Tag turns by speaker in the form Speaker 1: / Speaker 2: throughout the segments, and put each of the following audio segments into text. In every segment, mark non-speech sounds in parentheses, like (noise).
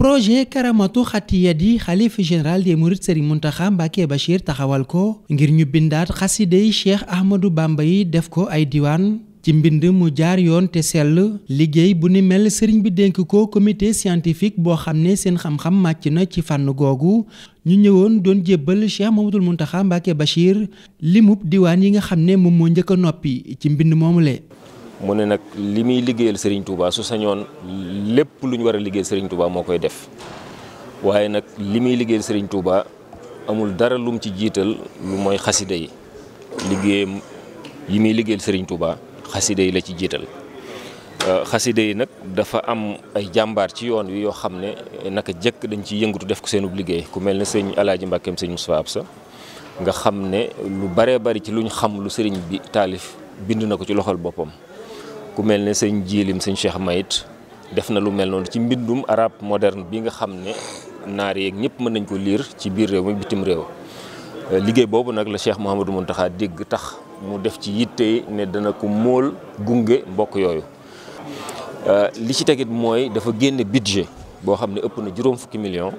Speaker 1: projet karamatu xatiyadi xalif général des mourides Serigne Mountakha Mbacké Bachir taxawal ko ngir ñu bindaat xasidey Cheikh Ahmadou Bamba yi def ko ay diwaan ci mbind mu jaar yoon te sell liggéey bu ni mel sëriñ bi denk ko comité scientifique boo xam ne seen xam-xam màcc na ci fànn googu ñu ñëwoon doon jébbal Cheikh Mamadou Mountakha Mbacké Bachir limub diwaan yi nga xam ne moom moo njëkk a noppi ci mbind moomule
Speaker 2: mu ne nag li muy liggéeyal Serigne Touba su sañoon lépp lu ñu war a liggéeyal Serigne Touba moo koy def waaye nag li muy liggéeyal Serigne Touba amul dara lum ci jiital mooy xasida yi liggéeyam muy liggéeyal Serigne Touba xasida yi la ci jiital. Euh, xasida yi nag dafa am ay jàmbaar ci yoon wi yoo xam ne naka jëkk dañ ci yëngatu def ko seenub liggéey ku mel ne sëñ Alaaji Mbàkkeem sëñ Moussa sa nga xam ne lu baree bari ci luñ xam lu sëriñ bi taalif bind na ko ci loxol boppam. ku mel ne sëñ jiilim sëñ Cheikh Mayit def na lu mel noonu ci mbindum arab moderne bi nga xam ne naar yeeg ñëpp mën nañ ko liir ci biir réew mi bitim réew euh, liggéey boobu nag la Cheikh Mouhamadou Mountakha dégg tax mu def ci yitte ne dana ko móol gunge mbokk yooyu euh, li ci tegit mooy dafa génne budget boo xam ne ëpp na juróom fukki million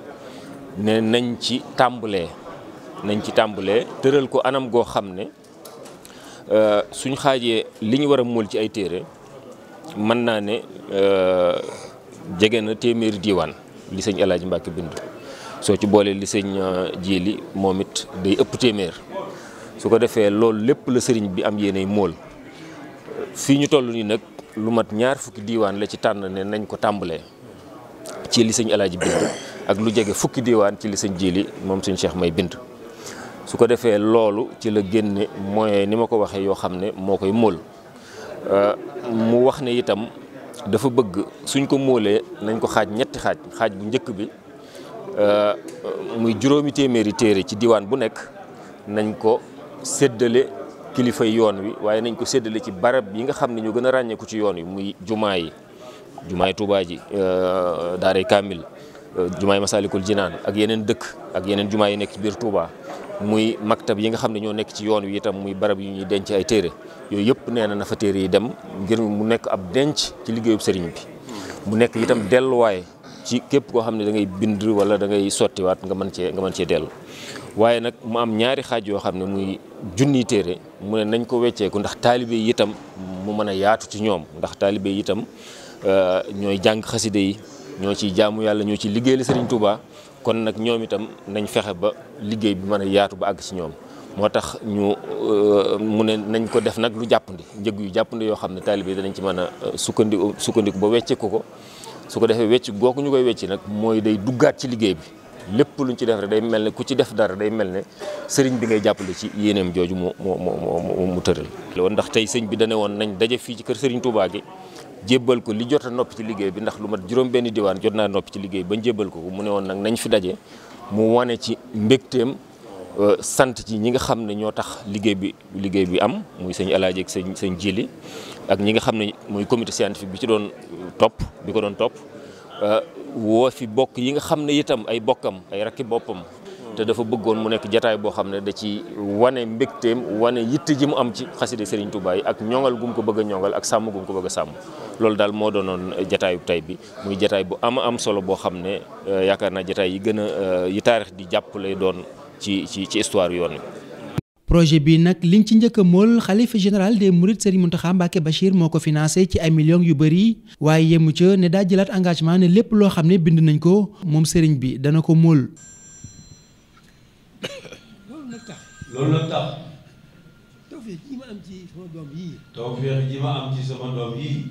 Speaker 2: ne nañ ci tàmbalee nañ ci tàmbalee tëral ko anam goo xam ne euh, suñ xaajee li ñu war a móol ci ay téere mën naa ne euh, jege na téeméeri diiwaan li sëñ El Hadj bind soo ci boolee li sëñ euh, Jili moom it day ëpp téeméer su ko defee loolu lépp la sëriñ bi am yéenay mool fii ñu toll nii nag lu mat ñaar fukki diiwaan la ci tànn ne nañ ko tàmbalee ci li sëñ El Hadj bind ak lu jege fukki diiwaan ci li sëñ Jili moom sëñ Cheikh may bind. su ko defee loolu ci la génne mooy ni ma ko waxee yoo xam ne moo koy mool. mu wax ne itam dafa bëgg suñ ko móolee nañ ko xaaj ñetti xaaj xaaj bu njëkk bi euh, muy juróomi téeméeri téere ci diwaan bu nekk nañ ko seddale kilifa yoon wi waaye nañ ko séddale ci barab yi nga xam ne ñoo gën a ràññeeku ci yoon wi muy jumaa yi yi Tuubaa ji euh, daaray Kaamil euh, jumaay Masaalikul Jinaan ak yeneen dëkk ak yeneen jumaa yi nekk ci biir Tuubaa muy maktab yi nga xam ne ñoo nekk ci yoon wi itam muy barab yu ñuy denc ay téere yooyu yëpp nee na na fa téere yi dem ngir mu nekk ab denc ci liggéeyub sëriñ bi mu nekk itam delluwaay ci képp koo xam ne da ngay bind wala da ngay sottiwaat nga mën cee nga mën cee dellu waaye nag mu am ñaari xaaj yoo xam ne muy junniy téere mu ne nañ ko wecceeku ndax taalibe yi itam mu mën a yaatu ci ñoom ndax taalibe yi itam euh, ñooy jàng xaside yi ñoo ciy jaamu yàlla ñoo ciy liggéeyal sëriñ tubaa kon nag ñoom itam nañ fexe ba liggéey bi mën a yaatu ba àgg si ñoom moo tax ñu euh, mu ne nañ ko def nag lu jàppandi njëg yu jàppandi yoo xam ne taalibe dañ ci mën a euh, sukkandiku sukkandiku ba wecceeku ko su ko defee wecc googu ñu koy wecci nag mooy day duggaat ci liggéey bi lépp luñ ci def rek day mel ne ku ci def dara day mel ne sëriñ bi ngay jàppale ci yéeneem jooju mu mu mu mu tëral. loolu ndax tey sëñ bi dane woon nañ daje fii ci kër sëriñ Touba gi. jébbal ko li jot nopp ci liggéey bi ndax lu mat juróom benn diwaan jot naa noppi ci liggéey ba jébbal ko mu ne woon nag nañ fi daje mu wane ci mbégteem euh, sant ci ñi nga xam ne ñoo tax liggéey bi liggéey bi am muy sëñ alaaji ak sëñ sëñ jili ak ñi nga xam ne muy comité scientifique bi ci doon euh, topp bi ko doon topp euh, woo fi bokk yi nga xam ne itam ay bokkam ay rakki boppam te dafa bëggoon mu nekk jataay boo xam ne da ci wane mbégteem wane yitte ji mu am ci xaside Serigne Touba yi ak ñoŋal gum ko bëgg a ñoŋal ak sàmm gum ko bëgg a sàmm loolu daal moo doonoon eh, jataayu tey bi muy jataay bu am am solo boo xam ne eh, yaakaar naa jataay yi gën a eh, yi taarix di jàpp lay doon ci ci ci histoire yoon wi.
Speaker 1: projet bii nag liñ ci njëkk a mool xalifa général des mourides Serigne Mountakha Mbacké Bachir moo ko financé ci ay millions yu bëri waaye yemu ca ne daa jëlaat engagement ne lépp loo xam ne bind nañ ko moom Serigne bi dana
Speaker 3: loolu na tax. tawfeex ji ma am ci sama doom yii. tawfeex ji ma am ci sama doom yii.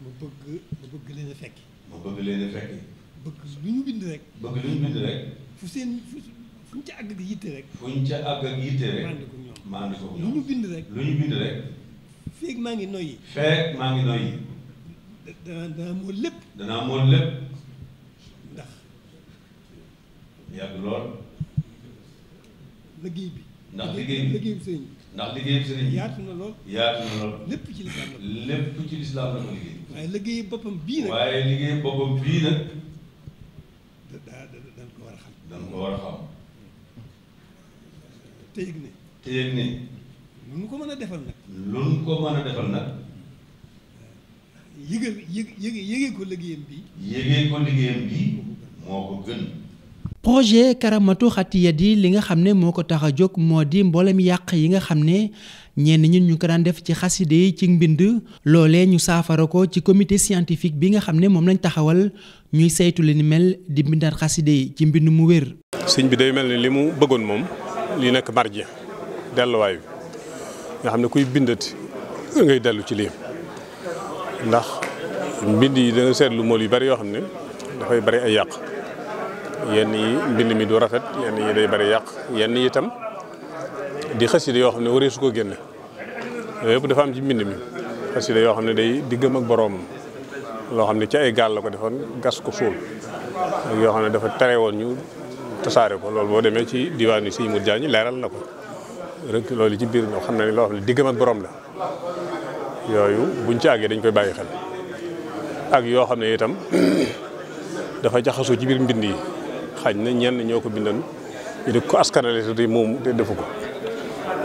Speaker 3: ma bëgg ma bëgg leen fekk. ma bëgg leen a fekk. bëgg lu ñu bind rek. bëgg lu ñu bind rek. fu seen fu fu ñu ca àgg ak yitte rek. fu ñu ca àgg ak yitte rek. maa andi ko ñoom lu ñu bind rek. lu ñu bind rek. feeg maa ngi noyyi. feeg maa ngi noyyi. danaa danaa mool lépp. danaa mool lépp. ndax. yàgg lool. liggéey bi. ndax liggéey bi liggéeyu sëriñ bi. ndax liggéeyu sëriñ bi yaatu na lool. yaatu na lool lépp ci lislaam la. lépp ci lislaam la ko liggéey. waaye liggéeyu boppam bii nag. waaye liggéeyu boppam bii nag. da daa dañ ko war a xam. ko war te yëg te yëg ne. ko mën a defal nag. lu ko mën a defal nag. yëgal yëg yëge yëgee ko liggéeyam bii. yëgee ko liggéeyam bii
Speaker 4: moo ko gën.
Speaker 1: projet karamatu xatiya di li nga xam ne moo ko tax a jóg moo di mboolem yàq yi nga xam ne ñenn ñun ñu ko daan def ci xaside yi ci mbind loole ñu saafara ko ci commité scientifique bi nga xam ne moom lañ taxawal ñuy saytu li ni mel di mbindaat xaside yi ci mbind mu wér.
Speaker 5: sëñ bi day mel ne li mu bëggoon moom li nekk marje delluwaay bi nga xam ne kuy bindati ngay dellu ci lii ndax mbind yi dana seetlu mool yu bari yoo xam ne dafay bari ay yàq. yenn yi mbind mi du rafet yenn yi day bari yàq yenn yi itam di xasida yoo xam ne waree su ko génne yooyu yëpp am ci mbind mi xasida yoo xam ne day diggam ak boroom loo xam ne ci ay gaal la ko defoon gas ko suul ak yoo xam ne dafa tere woon ñu tasaare ko loolu boo demee ci diwaan yi si Mour Diagne leeral na ko rek loolu ci biir ñoo xam ne loo xam ne diggam ak boroom la yooyu buñ ci àggee dañ koy bàyyi xel ak yoo xam ne itam (clears throat) dafa jaxasoo ci biir mbind yi xaj na ñenn ñoo ko bindoon di ko askanale te moom te defu ko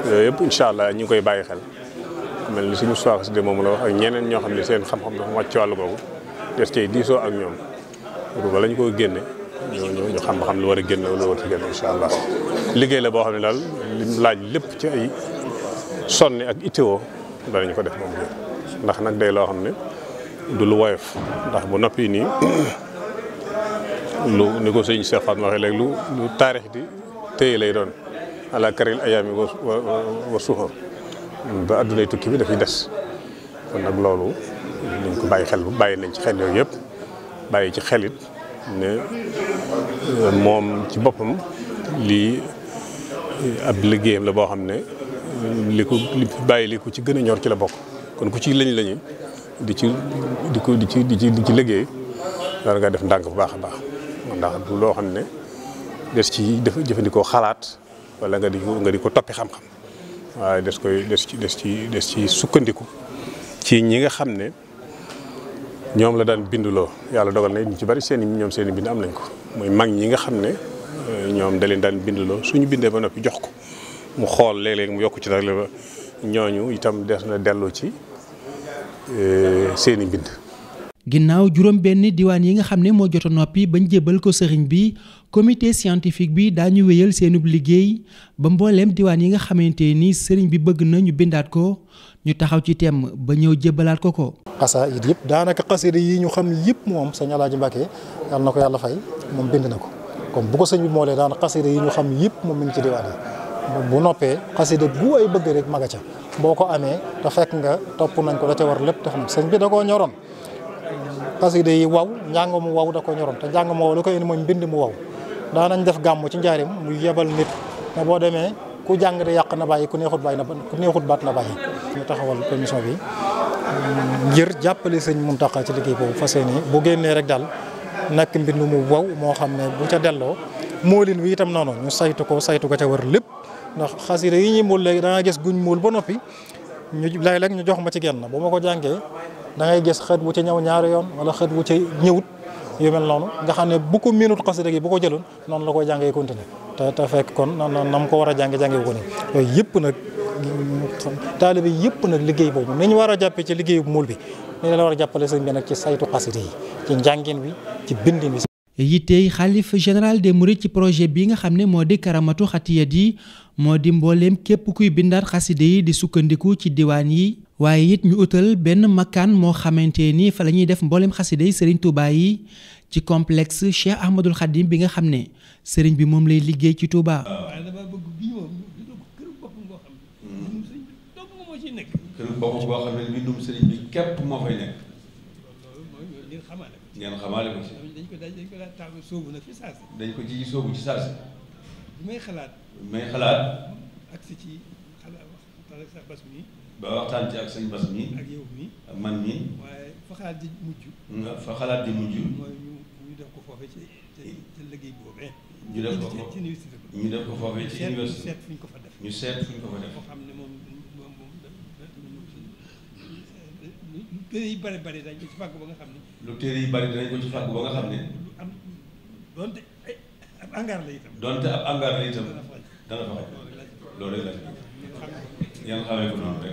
Speaker 5: yooyu yëpp incha allah ñu ngi koy bàyyi xel mel ni suñu soixas de moom la wax ak ñeneen ñoo xam ne seen xam-xam dafa wàcc ci wàllu googu des cay diisoo ak ñoom pour ñu ko génne ñooñu ñu xam xam lu war a génn lu war a génn incha allah liggéey la boo xam ne daal lim laaj lépp ci ay sonni ak ittéo ñu ko def moom ndax nag day loo xam ne du lu woyof ndax bu noppi nii lu ni ko sëñ Cheikh waxee lu lu taarix di téye lay doon ala karil ayaami wa wa suxor ba addunay tukki bi dafiy des kon nag loolu nañ ko bàyyi xel bu bàyyi nañ ci xel yooyu yëpp bàyyi ci xel it ne euh, moom ci boppam lii euh, ab liggéeyam la boo xam ne euh, li ko li bàyyi li ko ci gën a ñor ci la bokk kon ku ci lañ lañu di ci di ko di ci di ci di ci liggéey war def ndànk bu baax a baax ndax du loo xam ne des ci def jëfandikoo xalaat wala nga di ko nga di ko toppi xam-xam waaye des koy des ci des ci des ci sukkandiku ci ñi nga xam ne ñoom la daan binduloo yàlla dogal na ñu ci bari seen i ñoom seeni i bind am nañ ko mooy mag ñi nga xam ne eh, ñoom da leen daan binduloo suñu bindee ba noppi jox ko mu xool léeg mu yokk ci nag la ñooñu itam des na delloo ci eh, seeni i bind
Speaker 1: ginnaaw juróom benn diwaan yi nga xam ne moo jota noppi bañ jébbal ko sëriñ bi comité scientifique bi daañu wéyal seenub liggéey ba mbooleem diwaan yi nga xamante ni sëriñ bi bëgg na ñu bindaat ko ñu taxaw ci temm ba ñëw jébbalaat ko ko.
Speaker 4: xasaa it yëpp daanaka xasida yi ñu xam yëpp moom sëñ Alaaji Mbàkke yàlla na ko yàlla fay moom bind na ko kon bu ko sëñ bi moolee daanaka xasida yi ñu xam yëpp moom mi ngi ci diwaan bu noppee xasida bu ay bëgg rek maga ca boo ko amee te fekk nga topp nañ ko da ca war lépp te xam sëñ bi da koo ñoroon xasida yi waw njàng mu waw da ko ñoroon te njàng mu waw li koy indi mooy mbind mu waw daanañ def gàmm ci njaarim mu yebal nit ne boo demee ku jàng de yàq na bàyyi ku neexut bàyyi na ku neexut baat na bàyyi ñu taxawal commission bi mm, ngir jàppale sëñ Muntaxa ci liggéey boobu fas yéene bu génnee rek daal nekk mbind mu waw moo xam ne bu ca delloo moolin wi itam noonu ñu saytu ko saytu ko ca wër lépp ndax xasida yi ñu muul léegi da nga gis guñ muul ba noppi ñu léeg-léeg ñu jox ma ci genn bu ma ko jàngee da ngay gis xët bu ci ñëw ñaari yoon wala xët bu ci ñëwut yu mel noonu nga xam ne bu ko minute xasida gi bu ko jëloon noonu la koy jàngee continuer te te fekk kon na nam ko war a jànge jàngee ko ni yooyu yëpp nag taalibe yëpp nag liggéey boobu ni ñu war a jàppee ci liggéeyu muul bi ni la war a jàppale sëñ bi nag ci saytu xasida yi ci njàngin bi
Speaker 1: ci bindin bi yitey xalif général des mourides ci projet bi nga xam ne moo di karamatu xatiyat yi moo di mbooleem képp kuy bindaat xasida yi di sukkandiku ci diwaan yi waaye it ñu utal benn makan moo xamante ni fa la ñuy def mboolem xasida yi sëriñ Touba yi ci complex Cheikh Ahmadul Khadim bi nga xam ne sëriñ bi moom lay liggéey ci Touba. Ah, kër bopp
Speaker 3: boo xam ne mbindum sëriñ bi képp moo fay nekk. ngeen xamaale ko ngeen si. dañ ko dañ ko daan ci sóobu ci saasi. may xalaat. bi may xalaat. ak ci xalaat wax sax bas ba waxtaan ci ak sëñ Bas mi. ak yow mi ak man mi. waaye fa xalaat di mujj. nga fa xalaat di mujj. mooy ñu def ko foofee ci ci liggéey boobee. ñu def ko ci université. seet fu ñu ko fa def ñu seet fu ñu ko fa def. xam ne lu téere yu bari bari dañ ko ci fàgg ba nga xam ne. lu téere yi bari danañ ko ci fàgg ba nga xam ne. am donte ab angaar la itam. donte dana fa xaj loolu rek la.
Speaker 2: yàlla xamee ko noonu rek.